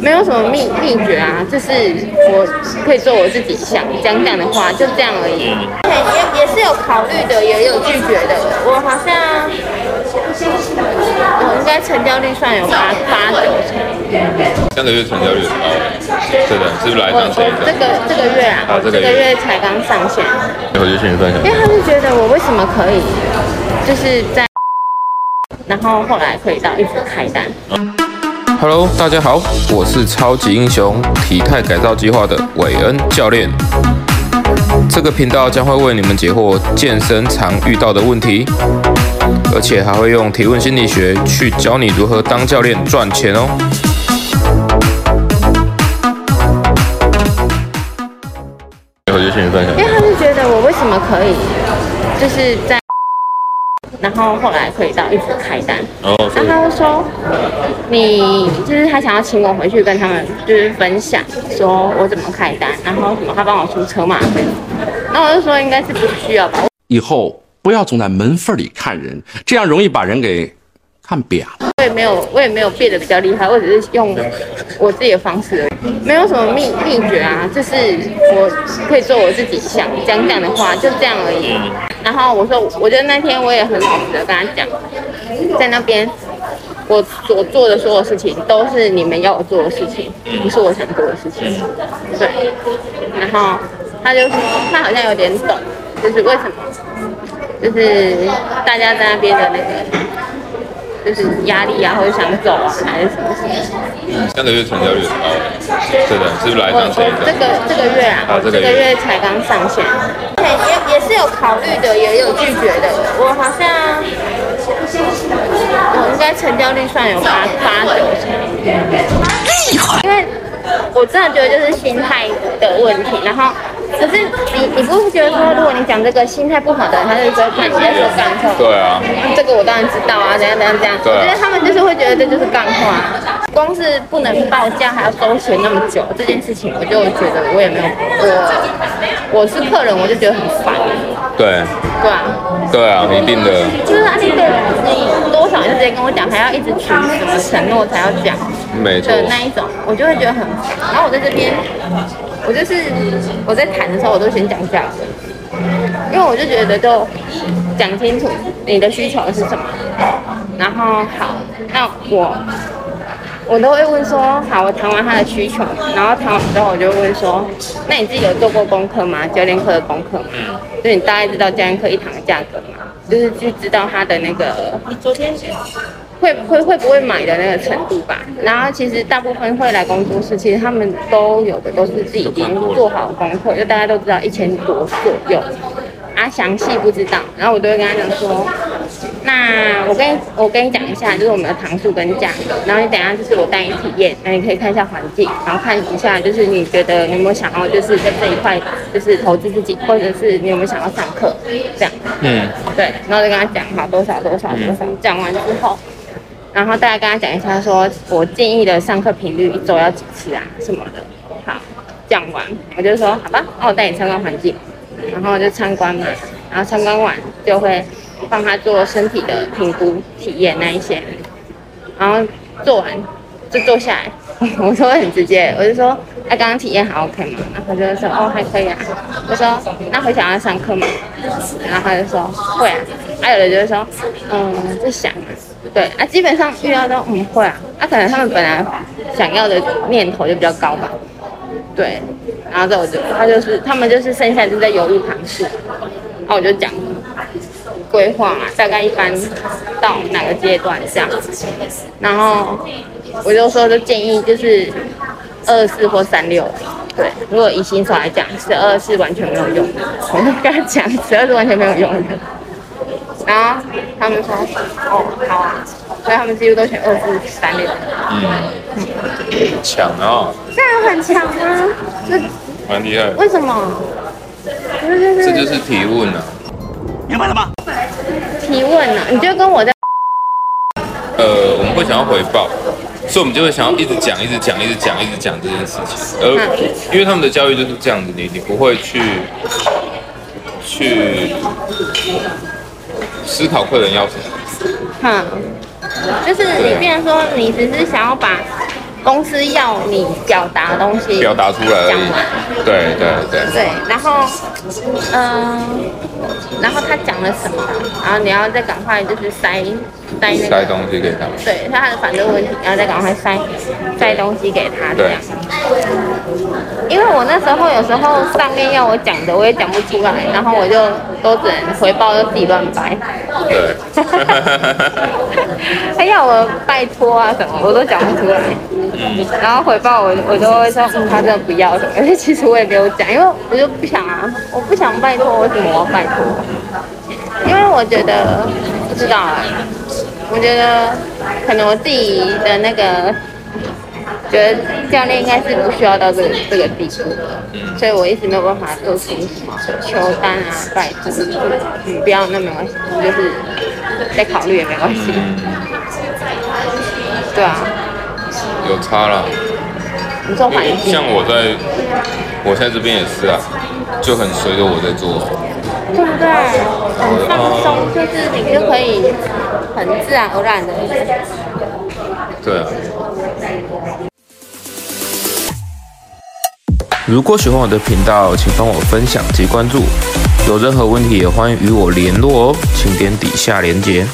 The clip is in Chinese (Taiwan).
沒有什麼祕祕訣啊，就是我可以做我自己想講這，這樣的話，就這樣而已。Okay, 也也是有考慮的，也有拒絕的。我好像我應該成交率算有八八九成，上、嗯、個月成交率很高，是、啊、的，是不是來一,一這個這個月啊，啊這個、月這個月才剛上線，我就因為他是覺得我為什麼可以，就是在，然後後來可以到一直開單。嗯 Hello，大家好，我是超級英雄體態改造計劃的韋恩教練。這個頻道將會為你們解惑健身常遇到的問題，而且還會用提問心理學去教你如何當教練賺錢哦。我就先分享，因為他是覺得我為什麼可以，就是在。然後後來可以到一直開單，然後他就說，你就是他想要請我回去跟他們就是分享，說我怎麼開單，然後什麼他幫我出車馬費，那我就說應該是不需要吧。以後不要總在門縫裡看人，這樣容易把人給看扁。我也沒有，我也沒有變得比較厲害，我只是用我自己的方式而已，沒有什麼秘秘訣啊，就是我可以做我自己想講這，這樣的話，就這樣而已。然後我說，我覺得那天我也很老實的跟他講，在那邊我所做的所有事情都是你們要我做的事情，不是我想做的事情。嗯、對。然後他就是他好像有點懂，就是為什麼，就是大家在那邊的那個，就是壓力、啊，然後想走啊，還是什麼什麼、啊。嗯，上個月成交率很高，是、哦、的，是不是來一這一，我，我這個這個月啊，啊這個月才剛上線。有考慮的，也有拒絕的。我好像，我應該成交率算有八八九成。因為，我真的覺得就是心態的問題。然後，可是你你不覺得說，如果你講這個心態不好的，他就說得看你在說乾貨？對啊。這個我當然知道啊，怎樣怎樣怎樣。啊、我覺得他們就是會覺得這就是乾貨啊。光是不能報價，還要收錢那麼久這件事情，我就覺得我也沒有我，我是客人，我就覺得很煩。對對啊，對啊，一定的。就是他那個你多少就直接跟我講，還要一直去什麼承諾才要講的，沒錯。那一種我就會覺得很煩，然後我在這邊，我就是我在談的時候我都先講價格，因為我就覺得就講清楚你的需求是什麼，然後好，那我。我都會問說，好，我談完他的需求，然後談完之後，我就會問說，那你自己有做過功課嗎？教練課的功課嗎？就你大概知道教練課一堂的價格嗎？就是就知道他的那個，你昨天會會會不會買的那個程度吧？然後其實大部分會來工作室，其實他們都有的都是自己已經做好的功課，就大家都知道一千多左右啊，詳細不知道。然後我都會跟他講說。那我跟我跟你講一下，就是我們的堂數跟價格，然後你等一下就是我帶你體驗，那你可以看一下環境，然後看一下就是你覺得你有沒有想要就是在這一塊就是投資自己，或者是你有沒有想要上課這樣。嗯。對，然後就跟他講好多少多少多少，講、嗯、完之後，然後大概跟他講一下說，說我建議的上課頻率一周要幾次啊什麼的。好，講完我就說好吧，那我帶你參觀環境，然後就參觀嘛，然後參觀完就會。幫他做身體的評估體驗那一些，然後做完就坐下來，我說很直接，我就說，哎、啊，剛剛體驗好 OK 嘛？那他就說，哦，還可以啊。我說，那會想要上課嗎？然後他就說，會啊。還、啊、有的就是說，嗯，在想，對啊，基本上遇到都嗯會啊。那、啊、可能他們本來想要的念頭就比較高吧，對。然後這我就，他就是他們就是剩下的就在猶豫嘗試，然後我就講。規劃嘛，大概一般到哪個階段這樣？然後我就說，就建議就是二四或三六。對，如果以新手來講，十二是完全沒有用，我我 跟他講，十二是完全沒有用的。然後他們說，哦，好啊。所以他們幾乎都選二四三六。嗯嗯，強哦。這很強嗎？這蠻厲害。為什麼？這就是提問啊。明白了嗎？提問呢、啊？你就跟我在？呃，我們會想要回報，所以我們就會想要一直講，一直講，一直講，一直講這件事情。而因為他們的教育就是這樣子，你你不會去去思考客人要什麼。嗯，就是你，變成說，你只是想要把。公司要你表達東西，表達出來講完，對對對對。然後嗯、呃，然後他講了什麼，然後你要再趕快就是塞塞那個、塞東西給他。對，他反對問題，然後再趕快塞塞東西給他這樣。因為我那時候有時候上面要我講的我也講不出來，然後我就都只能回報就自己亂掰。對， 他要我拜託啊什麼，我都講不出來。然後回報我，我就會說他真的不要什麼，其實我也沒有講，因為我就不想啊，我不想拜託，為什麼我要拜託？因為我覺得不知道啊，我覺得可能我自己的那個覺得教練應該是不需要到這個這個地步的，所以我一直沒有辦法做出什麼求單啊、拜託。嗯、不要那沒關係，我就是再考慮也沒關係，對啊。有差了，你做反應，像我在，我在這邊也是啊，就很隨着我在做，對不對？很放鬆，就是你就可以很自然而然的。對啊。如果喜歡我的頻道，請幫我分享及關注。有任何問題也歡迎與我聯絡哦，請點底下連接。